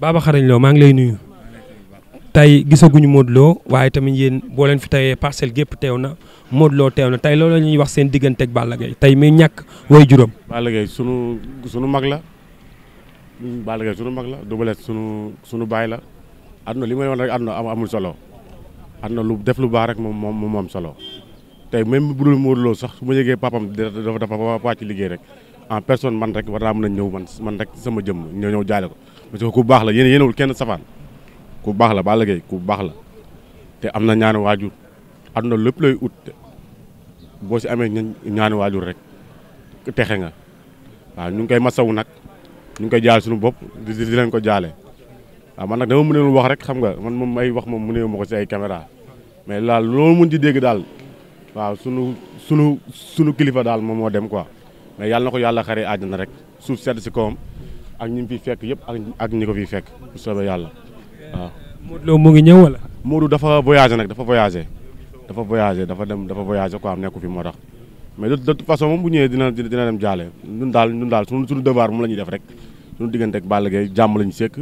Baba Xarañ Lo maa ngi lay nuyu tey gisaguñu Modou Lo waaye tamit yéen boo leen fi tayee parcelle gépp teew na Modou Lo teew na tey loolu la ñuy wax seen diggante ak Balla Gaye tey muy ñàkk way juróom. Balla Gaye sunu sunu mag la Balla Gaye sunu mag la Double Less sunu sunu baay la àdduna li may wax rek àdduna amul solo na lu def lu baax rek moom moom moom solo. tey même bu dul Modou Lo sax su ma yëgee papam dafa dafa wàcc liggéey rek en personne man rek war naa mën a ñëw man man rek sama jëmm ñëw ñëw jaale ko parce que ku baax la yéen yéenewul kenn ku baax la Balla Gaye ku baax la te am na ñaanu waajur àdduna lépp lay ut boo si amee ñaanu waajur rek texe nga waaw ñu ngi koy masawu nag ñu ngi koy jaal suñu bopp di di leen ko jaale waaw man nag dama mënul wax rek xam nga man moom ay wax moom mënee ma ko si ay caméra mais laal loolu mën ci dégg daal waaw sunu sunu sunu kilifa daal moom moo dem quoi mais yàlla na ko yàlla xare àjjana rek suuf sedd si kawam ak ñi mu fi fekk yëpp ak ak ñi ko fi fekk bu soobee yàlla waaw. Modou Lo mu ngi ñëw wala. Modou dafa voyagé nag dafa voyagé dafa voyagé dafa dem dafa voyagé quoi nekku fi moo tax mais de toute façon moom bu ñëwee dina dina dem jaale ñun daal ñun daal suñu suñu devoir moom la ñuy def rek suñu diggante ak Balla Gaye jàmm lañu sekk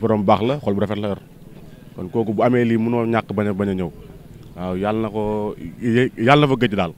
borom baax la xol bu rafet la yor kon kooku bu amee lii mënoo ñàkk bañ a a ñëw. waaw yàlla na ko yàlla na fa gëj daal.